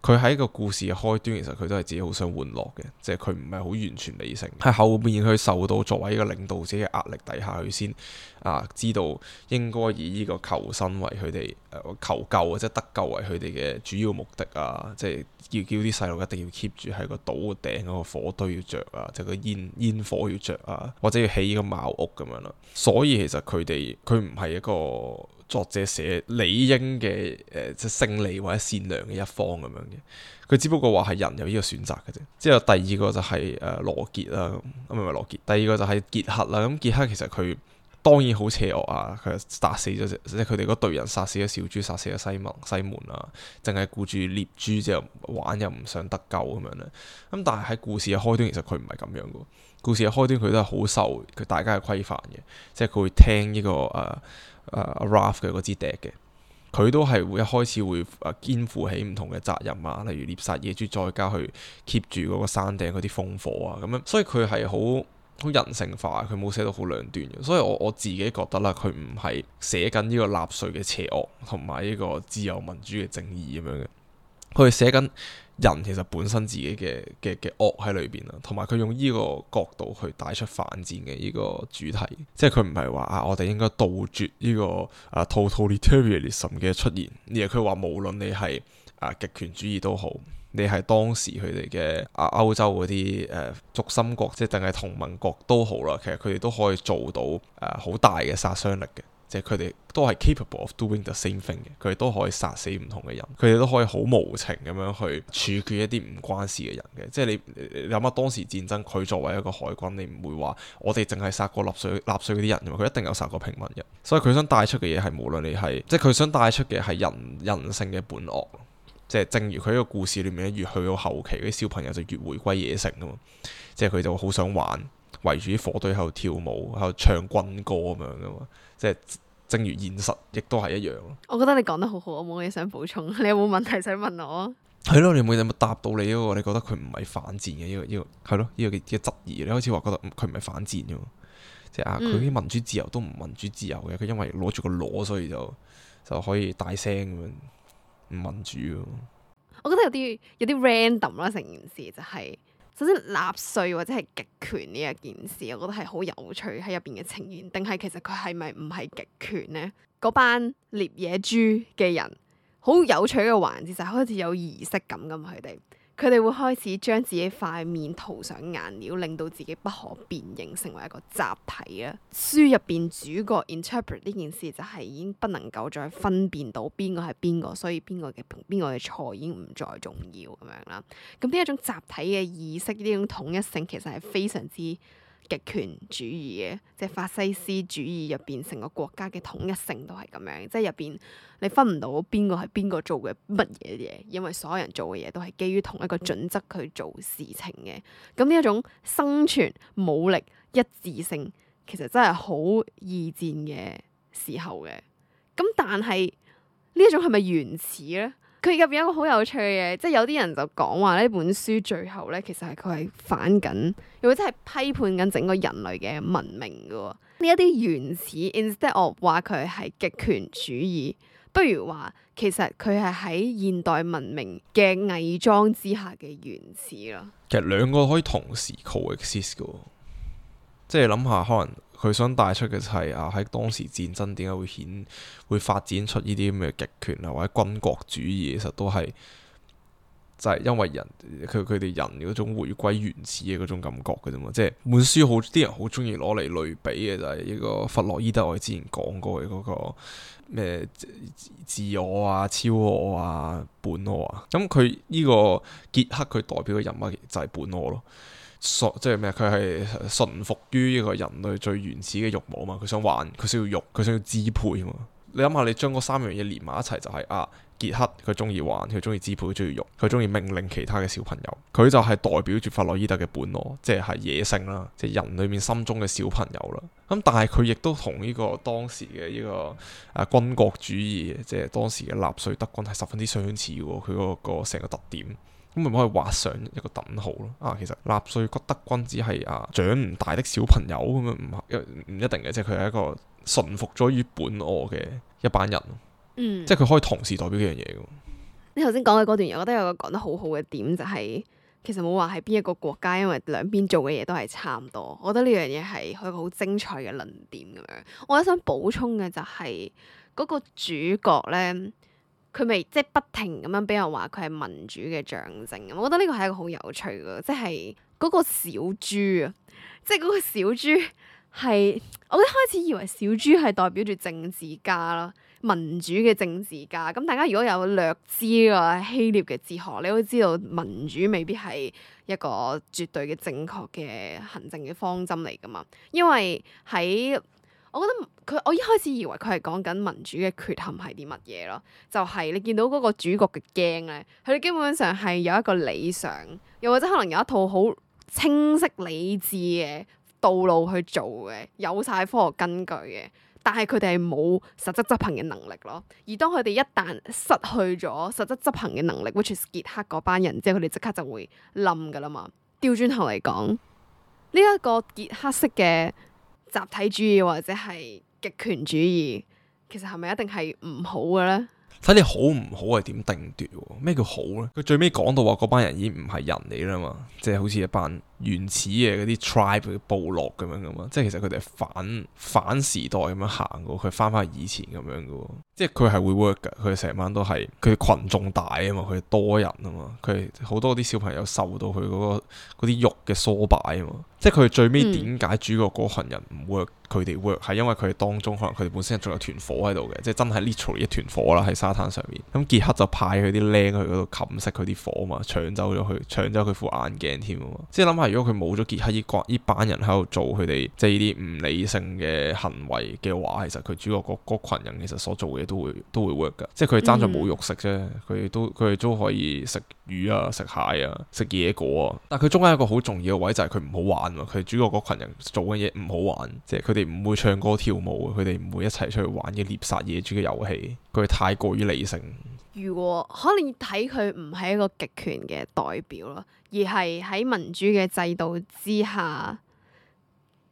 佢喺、嗯、哼個故事嘅開端，其實佢都係自己好想玩樂嘅，即係佢唔係好完全理性，喺後面佢受到作為一個領導者嘅壓力底下，佢先。啊！知道應該以呢個求生為佢哋誒求救，或者得救為佢哋嘅主要目的啊！即係要叫啲細路一定要 keep 住喺個島個頂嗰個火堆要著啊，即係個煙煙火要着啊，或者要起呢個茅屋咁樣咯。所以其實佢哋佢唔係一個作者寫理應嘅誒，即係勝利或者善良嘅一方咁樣嘅。佢只不過話係人有呢個選擇嘅啫。之後第二個就係誒羅傑啦，唔係咪係羅傑，第二個就係傑克啦。咁傑克其實佢。當然好邪惡啊！佢殺死咗即係佢哋嗰隊人，殺死咗小豬，殺死咗西門西門啊！淨係顧住獵豬之後玩，又唔想得救咁樣咧。咁但係喺故事嘅開端，其實佢唔係咁樣嘅。故事嘅開端，佢都係好受佢大家嘅規範嘅，即係佢會聽呢個誒誒、啊啊、Ralph 嘅嗰支笛嘅。佢都係會一開始會誒肩負起唔同嘅責任啊，例如獵殺野豬，再加去 keep 住嗰個山頂嗰啲烽火啊。咁樣，所以佢係好。好人性化，佢冇寫到好兩端嘅，所以我我自己覺得啦，佢唔係寫緊呢個納粹嘅邪惡，同埋呢個自由民主嘅正義咁樣嘅，佢係寫緊人其實本身自己嘅嘅嘅惡喺裏邊啊，同埋佢用呢個角度去帶出反戰嘅呢個主題，即係佢唔係話啊我哋應該杜絕呢個啊 totalitarianism 嘅出現，而係佢話無論你係啊極權主義都好。你係當時佢哋嘅啊歐洲嗰啲誒軸心國，即係定係同盟國都好啦。其實佢哋都可以做到誒好、呃、大嘅殺傷力嘅，即係佢哋都係 capable of doing the same thing 嘅。佢哋都可以殺死唔同嘅人，佢哋都可以好無情咁樣去處決一啲唔關事嘅人嘅。即係你諗下當時戰爭，佢作為一個海軍，你唔會話我哋淨係殺過納粹納粹嗰啲人㗎嘛？佢一定有殺過平民嘅。所以佢想帶出嘅嘢係無論你係，即係佢想帶出嘅係人人性嘅本惡。即係，正如佢呢個故事裏面咧，越去到後期，啲小朋友就越回歸野性噶嘛。即係佢就好想玩，圍住啲火堆喺度跳舞，喺度唱軍歌咁樣噶嘛。即係，正如現實亦都係一樣咯。我覺得你講得好好，我冇嘢想補充。你有冇問題想問我？係咯，你冇有冇答到你個，你覺得佢唔係反戰嘅呢個呢個？係咯，呢個嘅質疑，你好似話覺得佢唔係反戰啫。即係啊，佢啲民主自由都唔民主自由嘅，佢、嗯、因為攞住個螺，所以就就可以大聲咁樣。唔民主啊！我覺得有啲有啲 random 咯，成件事就係、是、首先納粹或者係極權呢一件事，我覺得係好有趣喺入邊嘅呈現，定係其實佢係咪唔係極權咧？嗰班獵野豬嘅人好有趣嘅環節就係好似有儀式感咁，佢哋。佢哋會開始將自己塊面塗上顏料，令到自己不可辨認，成為一個集體啦。書入邊主角 interpret 呢件事就係已經不能夠再分辨到邊個係邊個，所以邊個嘅邊個嘅錯已經唔再重要咁樣啦。咁呢一種集體嘅意識，呢種統一性其實係非常之極權主義嘅，即係法西斯主義入邊成個國家嘅統一性都係咁樣，即係入邊你分唔到邊個係邊個做嘅乜嘢嘢，因為所有人做嘅嘢都係基於同一個準則去做事情嘅。咁呢一種生存武力一致性，其實真係好易戰嘅時候嘅。咁但係呢一種係咪原始咧？佢入邊有一個好有趣嘅嘢，即係有啲人就講話呢本書最後咧，其實係佢係反緊，又或者係批判緊整個人類嘅文明嘅呢一啲原始。instead of 話佢係極權主義，不如話其實佢係喺現代文明嘅偽裝之下嘅原始咯。其實兩個可以同時 coexist 嘅，即係諗下可能。佢想帶出嘅就係啊，喺當時戰爭點解會顯會發展出呢啲咁嘅極權啊，或者軍國主義，其實都係就係因為人佢佢哋人嗰種回歸原始嘅嗰種感覺嘅啫嘛。即係本書好啲人好鍾意攞嚟類比嘅就係呢個弗洛伊德我之前講過嘅嗰個咩自我啊、超我啊、本我啊。咁佢呢個傑克佢代表嘅人物就係本我咯。所即係咩？佢係臣服於呢個人類最原始嘅欲望啊嘛！佢想玩，佢需要肉，佢想要支配啊嘛！你諗下，你將嗰三樣嘢連埋一齊就係啊，傑克，佢中意玩，佢中意支配，佢中意肉，佢中意命令其他嘅小朋友。佢就係代表住法洛伊德嘅本我，即係野性啦，即係人裏面心中嘅小朋友啦。咁但係佢亦都同呢個當時嘅呢個誒軍國主義，即係當時嘅納粹德軍係十分之相似嘅。佢嗰個成個特點。咁咪可以畫上一個等號咯啊！其實納粹國德軍只係啊長唔大的小朋友咁樣，唔一唔一定嘅，即係佢係一個臣服咗於本我嘅一班人。嗯、即係佢可以同時代表呢樣嘢。你頭先講嘅嗰段，我覺得有個講得好好嘅點，就係，就係其實冇話喺邊一個國家，因為兩邊做嘅嘢都係差唔多。我覺得呢樣嘢係佢個好精彩嘅論點咁樣。我有想補充嘅就係、是、嗰、嗰個主角咧。佢咪即不停咁樣俾人話，佢係民主嘅象徵。我覺得呢個係一個好有趣嘅，即係嗰個小豬，啊，即係嗰個小豬係我一開始以為小豬係代表住政治家咯，民主嘅政治家。咁大家如果有略知呢個希臘嘅哲學，你都知道民主未必係一個絕對嘅正確嘅行政嘅方針嚟噶嘛，因為喺我覺得佢我一開始以為佢係講緊民主嘅缺陷係啲乜嘢咯，就係你見到嗰個主角嘅驚咧，佢哋基本上係有一個理想，又或者可能有一套好清晰理智嘅道路去做嘅，有晒科學根據嘅，但係佢哋係冇實質執行嘅能力咯。而當佢哋一旦失去咗實質執行嘅能力，which is 傑克嗰班人之後，佢哋即刻就會冧噶啦嘛。調轉頭嚟講，呢一個傑克式嘅。集體主義或者係極權主義，其實係咪一定係唔好嘅咧？睇你好唔好係點定奪喎？咩叫好咧？佢最尾講到話嗰班人已經唔係人嚟啦嘛，即係好似一班。原始嘅嗰啲 tribe 部落咁樣噶嘛，即係其實佢哋係反反時代咁樣行嘅，佢翻返去以前咁樣嘅，即係佢係會 work 嘅，佢哋成晚都係，佢哋群眾大啊嘛，佢哋多人啊嘛，佢好多啲小朋友受到佢嗰、嗰個嗰啲肉嘅梳擺啊嘛，即係佢最尾點解主角嗰羣人唔 work，佢哋 work 係因為佢哋當中可能佢哋本身仲有團火喺度嘅，即係真係 literally 一團火啦喺沙灘上面，咁傑克就派佢啲僆去嗰度冚熄佢啲火啊嘛，搶走咗佢，搶走佢副眼鏡添啊嘛，即係諗下。如果佢冇咗傑克依個依班人喺度做佢哋，即係呢啲唔理性嘅行為嘅話，其實佢主角嗰嗰羣人其實所做嘅嘢都會都會 work 㗎。即係佢哋爭在冇肉食啫，佢哋、嗯、都佢哋都可以食魚啊、食蟹啊、食野果啊。但佢中間有一個好重要嘅位就係佢唔好玩，啊。佢主角嗰羣人做嘅嘢唔好玩，即係佢哋唔會唱歌跳舞，佢哋唔會一齊出去玩嘅獵殺野豬嘅遊戲。佢太過於理性。如果可能，你睇佢唔係一個極權嘅代表咯，而係喺民主嘅制度之下，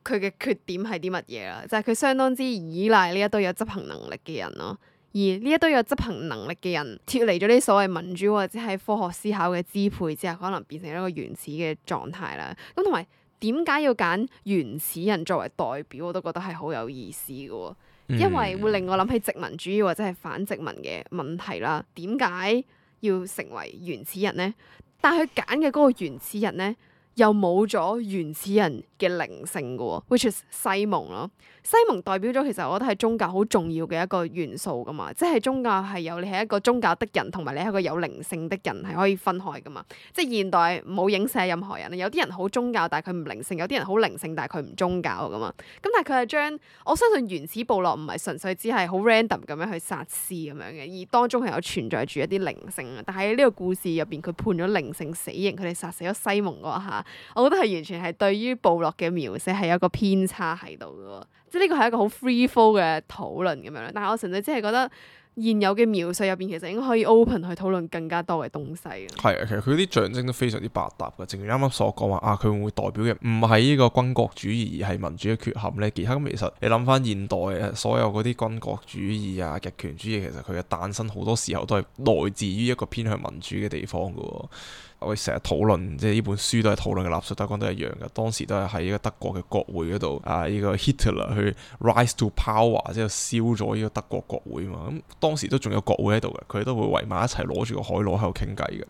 佢嘅缺點係啲乜嘢啦？就係、是、佢相當之依賴呢一堆有執行能力嘅人咯。而呢一堆有執行能力嘅人，脫離咗啲所謂民主或者係科學思考嘅支配之下，可能變成一個原始嘅狀態啦。咁同埋點解要揀原始人作為代表？我都覺得係好有意思嘅喎。因為會令我諗起殖民主義或者係反殖民嘅問題啦，點解要成為原始人呢？但係佢揀嘅嗰個原始人呢？又冇咗原始人嘅靈性嘅喎，which is 西蒙咯。西蒙代表咗其實我覺得係宗教好重要嘅一個元素㗎嘛，即係宗教係有你係一個宗教的人，同埋你係一個有靈性的人係可以分開㗎嘛。即係現代冇影射任何人，有啲人好宗教但係佢唔靈性，有啲人好靈性但係佢唔宗教㗎嘛。咁但係佢係將我相信原始部落唔係純粹只係好 random 咁樣去殺屍咁樣嘅，而當中係有存在住一啲靈性啊。但係呢個故事入邊佢判咗靈性死刑，佢哋殺死咗西蒙嗰下。我覺得係完全係對於部落嘅描寫係有一個偏差喺度嘅，即係呢個係一個好 free flow 嘅討論咁樣啦。但係我純粹只係覺得，現有嘅描寫入邊其實應該可以 open 去討論更加多嘅東西嘅。係啊，其實佢啲象徵都非常之百搭嘅。正如啱啱所講話啊，佢會唔會代表嘅唔係呢個軍國主義，而係民主嘅缺陷咧？傑克咁，其實你諗翻現代所有嗰啲軍國主義啊、極權主義，其實佢嘅誕生好多時候都係來自於一個偏向民主嘅地方嘅。我哋成日討論，即係呢本書都係討論嘅納粹德國都一樣嘅。當時都係喺呢個德國嘅國會嗰度，啊，呢個 Hitler 去 rise to power，之後燒咗呢個德國國會嘛。咁當時都仲有國會喺度嘅，佢都會圍埋一齊攞住個海螺喺度傾偈嘅。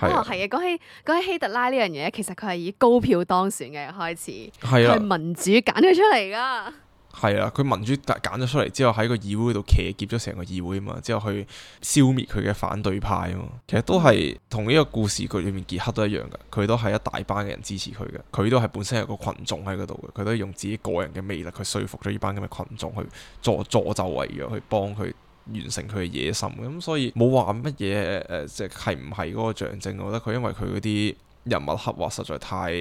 係啊，係啊、哦，講起講起希特拉呢樣嘢，其實佢係以高票當選嘅開始，係啊，民主揀佢出嚟噶。係啊，佢民主揀咗出嚟之後喺個議會度騎劫咗成個議會啊嘛，之後去消滅佢嘅反對派啊嘛，其實都係同呢個故事佢裏面傑克都一樣㗎，佢都係一大班嘅人支持佢嘅，佢都係本身有個群眾喺嗰度嘅，佢都係用自己個人嘅魅力去說服咗呢班咁嘅群眾去助助紂為虐，去幫佢完成佢嘅野心。咁、嗯、所以冇話乜嘢誒，即係唔係嗰個象徵？我覺得佢因為佢嗰啲人物刻畫實在太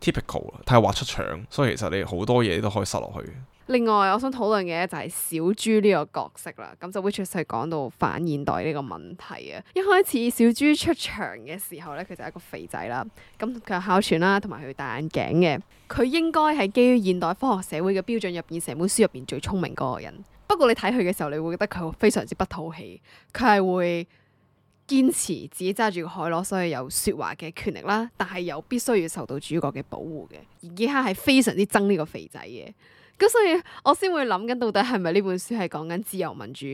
typical 啦，太畫出腸，所以其實你好多嘢都可以塞落去另外，我想討論嘅就係小豬呢個角色啦。咁就 Whichus 係講到反現代呢個問題啊。一開始小豬出場嘅時候咧，佢就係一個肥仔啦。咁佢有哮喘啦，同埋佢戴眼鏡嘅。佢應該係基於現代科學社會嘅標準入邊，成本書入邊最聰明嗰個人。不過你睇佢嘅時候，你會覺得佢非常之不討喜。佢係會堅持自己揸住個海螺，所以有説話嘅權力啦。但係又必須要受到主角嘅保護嘅。而傑克係非常之憎呢個肥仔嘅。咁所以，我先會諗緊，到底係咪呢本書係講緊自由民主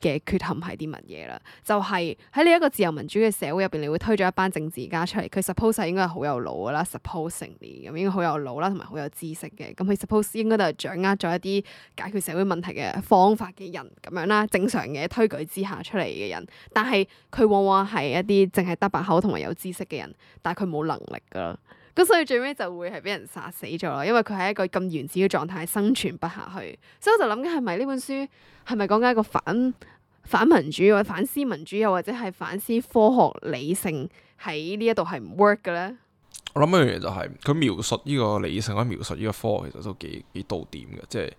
嘅缺陷係啲乜嘢啦？就係喺呢一個自由民主嘅社會入邊，你會推咗一班政治家出嚟，佢 suppose 係應該係好有腦噶啦，supposingly 咁應該好有腦啦，同埋好有知識嘅，咁佢 suppose 應該都係掌握咗一啲解決社會問題嘅方法嘅人咁樣啦。正常嘅推舉之下出嚟嘅人，但係佢往往係一啲淨係得把口同埋有知識嘅人，但佢冇能力噶。咁所以最尾就會係俾人殺死咗咯，因為佢喺一個咁原始嘅狀態，生存不下去。所以我就諗緊係咪呢本書係咪講緊一個反反民主，或者反思民主又或者係反思科學理性喺呢一度係唔 work 嘅咧？我諗一樣嘢就係、是、佢描述呢個理性，或描述呢個科學，其實都幾幾到點嘅，即、就、係、是、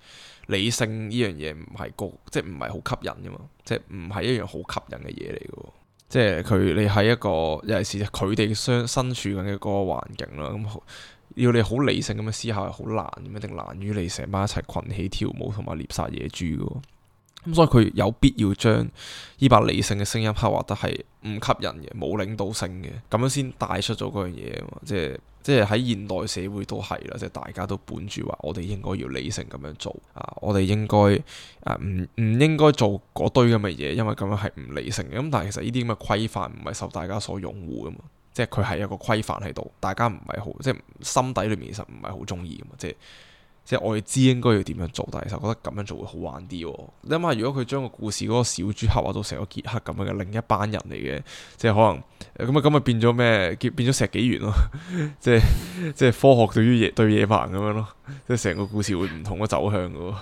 理性呢樣嘢唔係高，即係唔係好吸引嘅嘛，即係唔係一樣好吸引嘅嘢嚟嘅。即係佢，你喺一個尤其是佢哋相身處緊嘅嗰個環境啦，咁要你好理性咁嘅思考係好難，一定難於你成班一齊群起跳舞同埋獵殺野豬嘅。咁、嗯、所以佢有必要將依把理性嘅聲音刻畫得係唔吸引嘅、冇領導性嘅，咁樣先帶出咗嗰樣嘢嘛，即係。即係喺現代社會都係啦，即係大家都本住話，我哋應該要理性咁樣做啊，我哋應該啊唔唔應該做嗰堆咁嘅嘢，因為咁樣係唔理性嘅。咁但係其實呢啲咁嘅規範唔係受大家所擁護噶嘛，即係佢係一個規範喺度，大家唔係好即係心底裡面其實唔係好鍾意噶嘛，即係。即係我哋知應該要點樣做，但係其實我覺得咁樣做會好玩啲、哦。諗下如果佢將個故事嗰個小豬刻畫到成個傑克咁樣嘅另一班人嚟嘅，即係可能咁啊咁啊變咗咩變咗石紀元咯、哦， 即係即係科學對於野對於野蠻咁樣咯、哦，即係成個故事會唔同嘅走向喎、哦。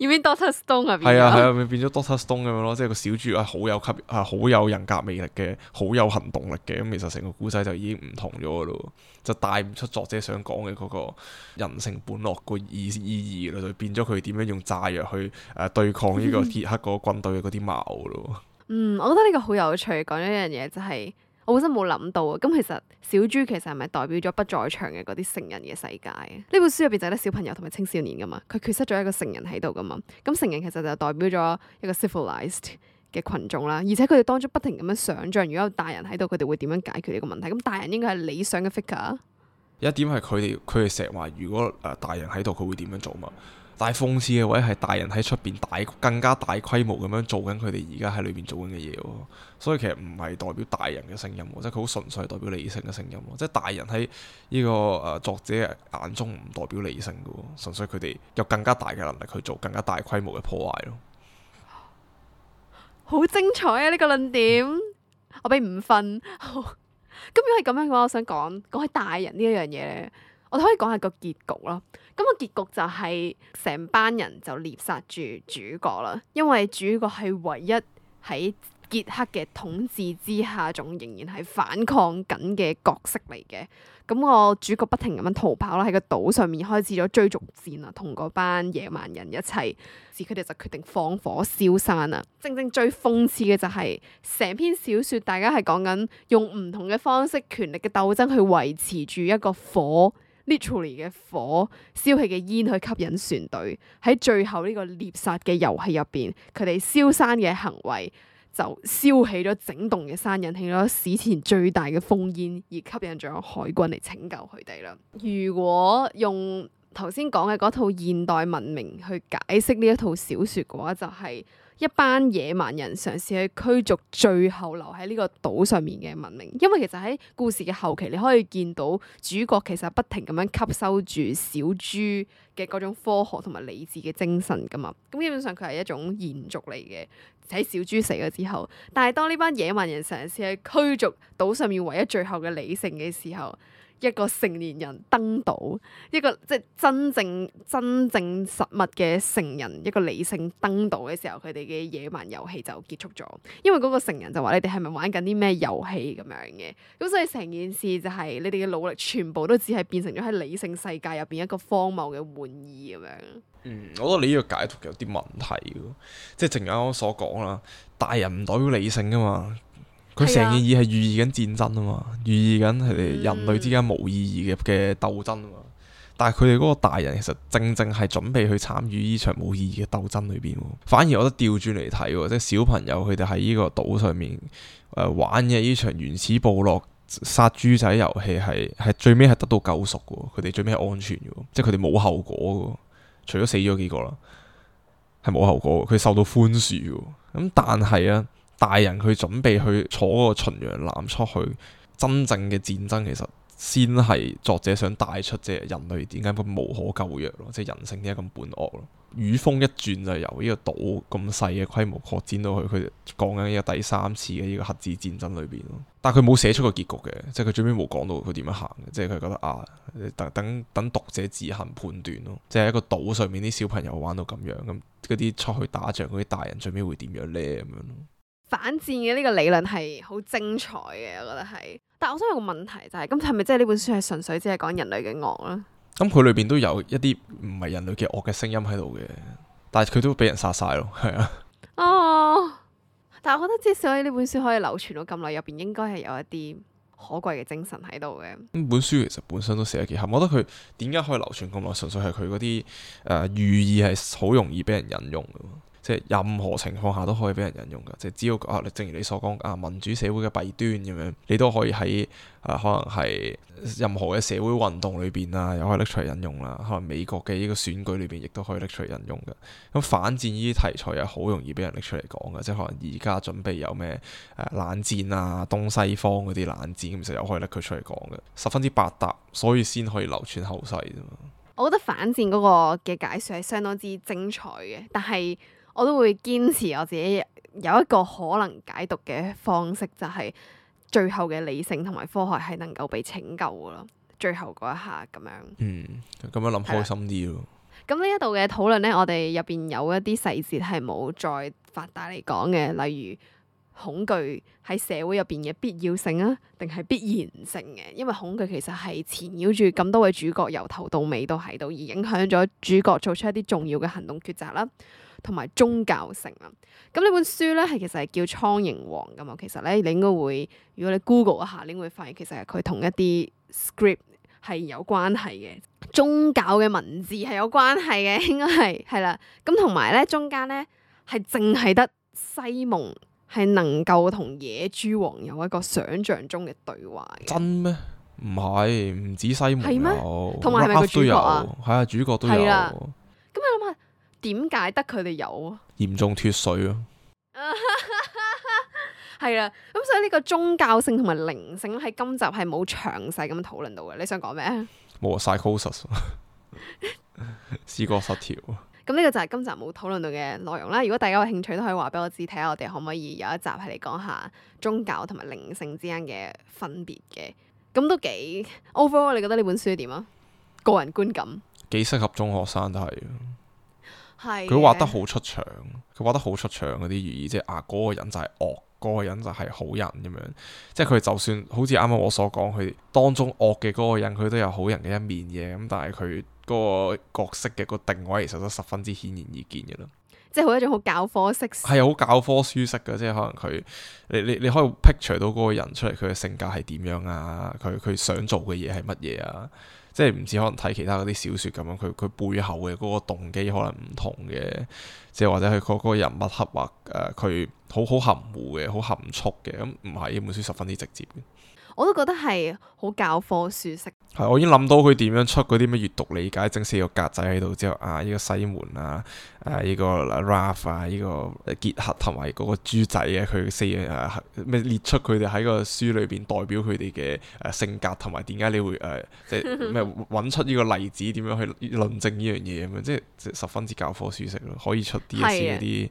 要變 Doctor Stone 係咪？係啊，係啊，變變咗 Doctor Stone 咁樣咯，即係個小豬啊，好有吸啊，好有人格魅力嘅，好有行動力嘅，咁、嗯、其實成個故仔就已經唔同咗咯，就帶唔出作者想講嘅嗰個人性本惡個意意義咯，就變咗佢點樣用炸藥去誒、啊、對抗呢個鐵克個軍隊嘅嗰啲矛咯。嗯，我覺得呢個好有趣，講一樣嘢就係、是。我本身冇諗到啊！咁其實小豬其實係咪代表咗不在場嘅嗰啲成人嘅世界？呢本書入邊就係得小朋友同埋青少年噶嘛，佢缺失咗一個成人喺度噶嘛。咁成人其實就代表咗一個 civilized 嘅群眾啦，而且佢哋當中不停咁樣想像，如果有大人喺度，佢哋會點樣解決呢個問題？咁大人應該係理想嘅 figure？有一點係佢哋佢哋成日話，如果誒大人喺度，佢會點樣做嘛？但係諷刺嘅，或者係大人喺出邊大更加大規模咁樣做緊佢哋而家喺裏邊做緊嘅嘢喎，所以其實唔係代表大人嘅聲音喎，即係佢好純粹係代表理性嘅聲音喎，即係大人喺呢、這個誒、呃、作者眼中唔代表理性嘅喎，純粹佢哋有更加大嘅能力去做更加大規模嘅破壞咯。好精彩啊！呢、這個論點， 我俾五分！瞓。 如果係咁樣嘅話，我想講講起大人呢一樣嘢咧，我可以講下個結局咯。咁個結局就係、是、成班人就獵殺住主角啦，因為主角係唯一喺傑克嘅統治之下仲仍然係反抗緊嘅角色嚟嘅。咁、嗯、個主角不停咁樣逃跑啦，喺個島上面開始咗追逐戰啊，同嗰班野蠻人一齊。而佢哋就決定放火燒山啊！正正最諷刺嘅就係、是、成篇小説，大家係講緊用唔同嘅方式、權力嘅鬥爭去維持住一個火。literally 嘅火燒起嘅煙去吸引船隊。喺最後呢個獵殺嘅遊戲入邊，佢哋燒山嘅行為就燒起咗整棟嘅山，引起咗史前最大嘅烽煙，而吸引咗海軍嚟拯救佢哋啦。如果用頭先講嘅嗰套現代文明去解釋呢一套小說嘅話，就係、是。一班野蠻人嘗試去驅逐最後留喺呢個島上面嘅文明，因為其實喺故事嘅後期，你可以見到主角其實不停咁樣吸收住小豬嘅嗰種科學同埋理智嘅精神㗎嘛。咁基本上佢係一種延續嚟嘅。喺小豬死咗之後，但係當呢班野蠻人嘗試去驅逐島上面唯一最後嘅理性嘅時候。一個成年人登島，一個即真正真正實物嘅成人，一個理性登島嘅時候，佢哋嘅野蠻遊戲就結束咗。因為嗰個成人就話：你哋係咪玩緊啲咩遊戲咁樣嘅？咁所以成件事就係，你哋嘅努力全部都只係變成咗喺理性世界入邊一個荒謬嘅玩意咁樣。嗯，我覺得你呢個解讀有啲問題喎，即係正啱啱所講啦，大人唔代表理性噶嘛。佢成件事係寓意緊戰爭啊嘛，寓意緊佢哋人類之間冇意義嘅嘅鬥爭啊嘛。但係佢哋嗰個大人其實正正係準備去參與呢場冇意義嘅鬥爭裏邊。反而我覺得調轉嚟睇，即係小朋友佢哋喺呢個島上面誒、呃、玩嘅呢場原始部落殺豬仔遊戲係係最尾係得到救贖嘅，佢哋最尾係安全嘅，即係佢哋冇後果嘅，除咗死咗幾個啦，係冇後果，佢受到寬恕嘅。咁但係啊～大人佢準備去坐嗰個巡洋艦出去，真正嘅戰爭其實先係作者想帶出即係人類點解咁無可救藥咯，即係人性點解咁本惡咯？語鋒一轉就由呢個島咁細嘅規模擴展到去佢講緊呢個第三次嘅呢個核子戰爭裏邊咯。但係佢冇寫出個結局嘅，即係佢最尾冇講到佢點樣行嘅，即係佢覺得啊，等等等讀者自行判斷咯。即係一個島上面啲小朋友玩到咁樣，咁嗰啲出去打仗嗰啲大人最尾會點樣呢？咁樣？反戰嘅呢個理論係好精彩嘅，我覺得係。但係我想問個問題就係，咁係咪即係呢本書係純粹只係講人類嘅惡啦？咁佢裏邊都有一啲唔係人類嘅惡嘅聲音喺度嘅，但係佢都俾人殺晒咯，係啊。哦，但係我覺得即使喺呢本書可以流傳到咁耐，入邊應該係有一啲可貴嘅精神喺度嘅。咁本書其實本身都寫得幾含，我覺得佢點解可以流傳咁耐，純粹係佢嗰啲寓意係好容易俾人引用。即係任何情況下都可以俾人引用噶，即係只要啊，正如你所講啊，民主社會嘅弊端咁樣，你都可以喺啊，可能係任何嘅社會運動裏邊啊，又可以拎出嚟引用啦。可能美國嘅呢個選舉裏邊，亦都可以拎出嚟引用嘅。咁反戰呢啲題材又好容易俾人拎出嚟講嘅，即係可能而家準備有咩誒、啊、冷戰啊，東西方嗰啲冷戰，咁其實又可以拎佢出嚟講嘅，十分之百搭，所以先可以流傳後世啫嘛。我覺得反戰嗰個嘅解説係相當之精彩嘅，但係。我都會堅持我自己有一個可能解讀嘅方式，就係、是、最後嘅理性同埋科學係能夠被拯救㗎咯。最後嗰一下咁樣，嗯，咁樣諗開心啲咯。咁呢一度嘅討論咧，我哋入邊有一啲細節係冇再發大嚟講嘅，例如恐懼喺社會入邊嘅必要性啊，定係必然性嘅，因為恐懼其實係纏繞住咁多位主角由頭到尾都喺度，而影響咗主角做出一啲重要嘅行動抉擇啦。同埋宗教性啊，咁呢本書咧係其實係叫《蒼蠅王》噶嘛，其實咧你應該會，如果你 Google 一下，你應該會發現其實係佢同一啲 script 係有關係嘅，宗教嘅文字係有關係嘅，應該係係啦。咁同埋咧中間咧係淨係得西蒙係能夠同野豬王有一個想像中嘅對話。真咩？唔係唔止西蒙有咩？同埋係咪佢主角啊，係啊，主角都有。咁你諗下。點解得佢哋有啊？嚴重脫水啊？係啦。 咁所以呢個宗教性同埋靈性喺今集係冇詳細咁樣討論到嘅。你想講咩？冇啊，psychosis 啊，思覺失調啊。咁呢、 啊、個就係今集冇討論到嘅內容啦。如果大家有興趣都可以話俾我知，睇下我哋可唔可以有一集係嚟講下宗教同埋靈性之間嘅分別嘅。咁都幾 over。Overall, 你覺得呢本書點啊？個人觀感，幾適合中學生都係。佢畫得好出場，佢畫得好出場嗰啲寓意，即係啊，嗰個人就係惡，嗰個人就係好人咁樣。即係佢就算好似啱啱我所講，佢當中惡嘅嗰個人，佢都有好人嘅一面嘅。咁但係佢嗰個角色嘅個定位，其實都十分之顯然易見嘅啦。即係好一種好教科式，係好教科書式嘅。即係可能佢，你你你可以 picture 到嗰個人出嚟，佢嘅性格係點樣啊？佢佢想做嘅嘢係乜嘢啊？即係唔似可能睇其他嗰啲小説咁樣，佢佢背後嘅嗰個動機可能唔同嘅，即係或者佢嗰個人物刻畫誒，佢好好含糊嘅，好含蓄嘅，咁唔係呢本書十分之直接嘅。我都覺得係好教科書式。係，我已經諗到佢點樣出嗰啲咩閱讀理解，整四個格仔喺度之後，啊，呢、這個西門啊，誒、啊，依、這個 Ralph 啊，依、這個傑克同埋嗰個豬仔個啊，佢四樣誒咩列出佢哋喺個書裏邊代表佢哋嘅誒性格，同埋點解你會誒即係咩揾出呢個例子點樣去論證呢樣嘢咁樣，即係 十分之教科書式咯，可以出啲似嗰啲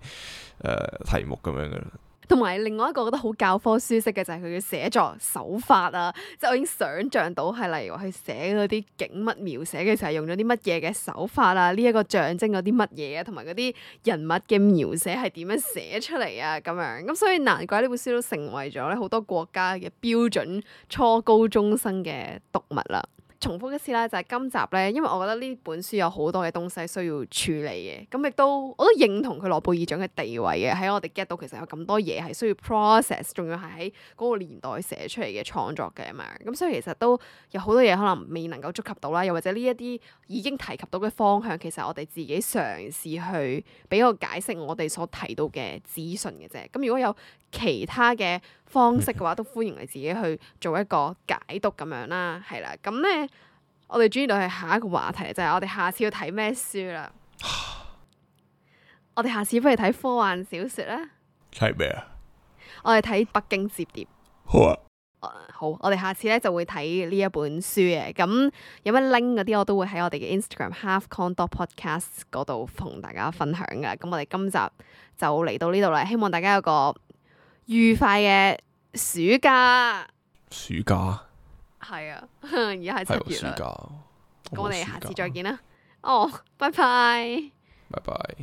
誒題目咁樣嘅。同埋另外一個覺得好教科書式嘅就係佢嘅寫作手法啊，即係我已經想像到係例如話佢寫嗰啲景物描寫嘅時候用咗啲乜嘢嘅手法啊，呢、這、一個象徵咗啲乜嘢啊，同埋嗰啲人物嘅描寫係點樣寫出嚟啊咁樣，咁所以難怪呢本書都成為咗咧好多國家嘅標準初高中生嘅讀物啦。重複一次啦，就係今集咧，因為我覺得呢本書有好多嘅東西需要處理嘅，咁亦都我都認同佢諾貝爾獎嘅地位嘅，喺我哋 get 到其實有咁多嘢係需要 process，仲要係喺嗰個年代寫出嚟嘅創作嘅嘛，咁所以其實都有好多嘢可能未能夠觸及到啦，又或者呢一啲已經提及到嘅方向，其實我哋自己嘗試去俾個解釋我哋所提到嘅資訊嘅啫，咁如果有其他嘅方式嘅話，都歡迎你自己去做一個解讀咁樣啦，係啦。咁咧，我哋轉到去下一個話題就係、是、我哋下次要睇咩書啦。唉我哋下次不如睇科幻小說啦。睇咩啊？我哋睇《北京折疊》。好啊。好，我哋下次咧就會睇呢一本書嘅。咁有咩 link 嗰啲，我都會喺我哋嘅 Instagram、嗯、Halfkong dot Podcast 嗰度同大家分享噶。咁我哋今集就嚟到呢度啦，希望大家有個。愉快嘅暑假，暑假係啊，而家係七月暑假，咁、啊啊、我哋下次再見啦，哦、oh，拜拜，拜拜。